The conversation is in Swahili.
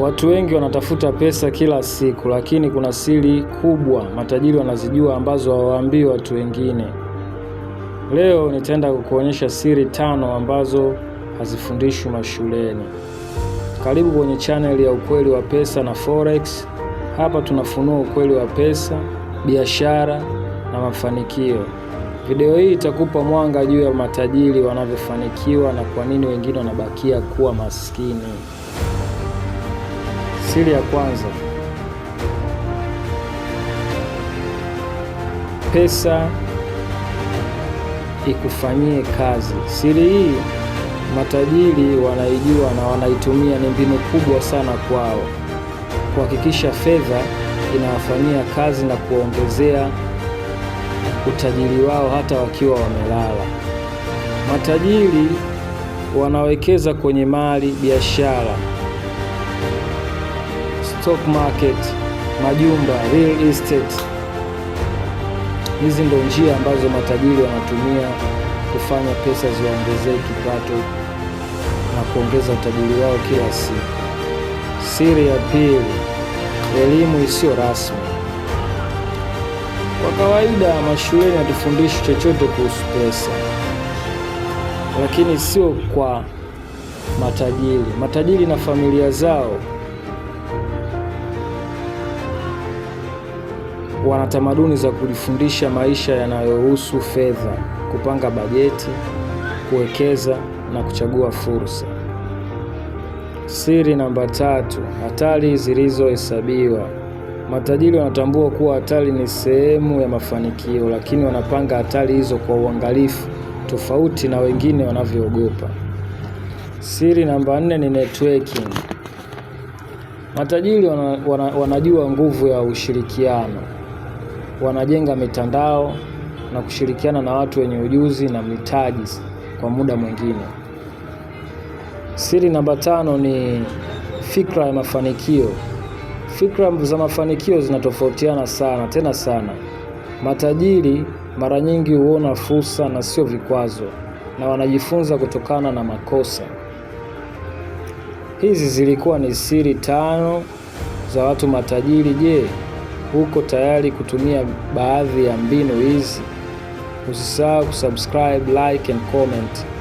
Watu wengi wanatafuta pesa kila siku, lakini kuna siri kubwa matajiri wanazijua ambazo hawaambii watu wengine. Leo nitaenda kukuonyesha siri tano ambazo hazifundishwi mashuleni. Karibu kwenye chaneli ya Ukweli wa Pesa na Forex. Hapa tunafunua ukweli wa pesa, biashara na mafanikio. Video hii itakupa mwanga juu ya matajiri wanavyofanikiwa na kwa nini wengine wanabakia kuwa maskini. Siri ya kwanza, pesa ikufanyie kazi. Siri hii matajiri wanaijua na wanaitumia, ni mbinu kubwa sana kwao kuhakikisha fedha inawafanyia kazi na kuongezea utajiri wao hata wakiwa wamelala. Matajiri wanawekeza kwenye mali, biashara stock market, majumba, real estate. Hizi ndo njia ambazo matajiri wanatumia kufanya pesa ziwaongezee kipato na kuongeza utajiri wao kila siku. Siri ya pili, elimu isiyo rasmi. Kwa kawaida mashuleni hatufundishi chochote kuhusu pesa, lakini sio kwa matajiri. Matajiri na familia zao wana tamaduni za kujifundisha maisha yanayohusu fedha, kupanga bajeti, kuwekeza na kuchagua fursa. Siri namba tatu: hatari zilizohesabiwa. Matajiri wanatambua kuwa hatari ni sehemu ya mafanikio, lakini wanapanga hatari hizo kwa uangalifu, tofauti na wengine wanavyoogopa. Siri namba nne ni networking. Matajiri wana, wana, wanajua nguvu ya ushirikiano wanajenga mitandao na kushirikiana na watu wenye ujuzi na mitaji kwa muda mwingine. Siri namba tano ni fikra ya mafanikio. Fikra za mafanikio zinatofautiana sana tena sana. Matajiri mara nyingi huona fursa na sio vikwazo, na wanajifunza kutokana na makosa. Hizi zilikuwa ni siri tano za watu matajiri. Je, uko tayari kutumia baadhi ya mbinu hizi, usisahau kusubscribe, like and comment.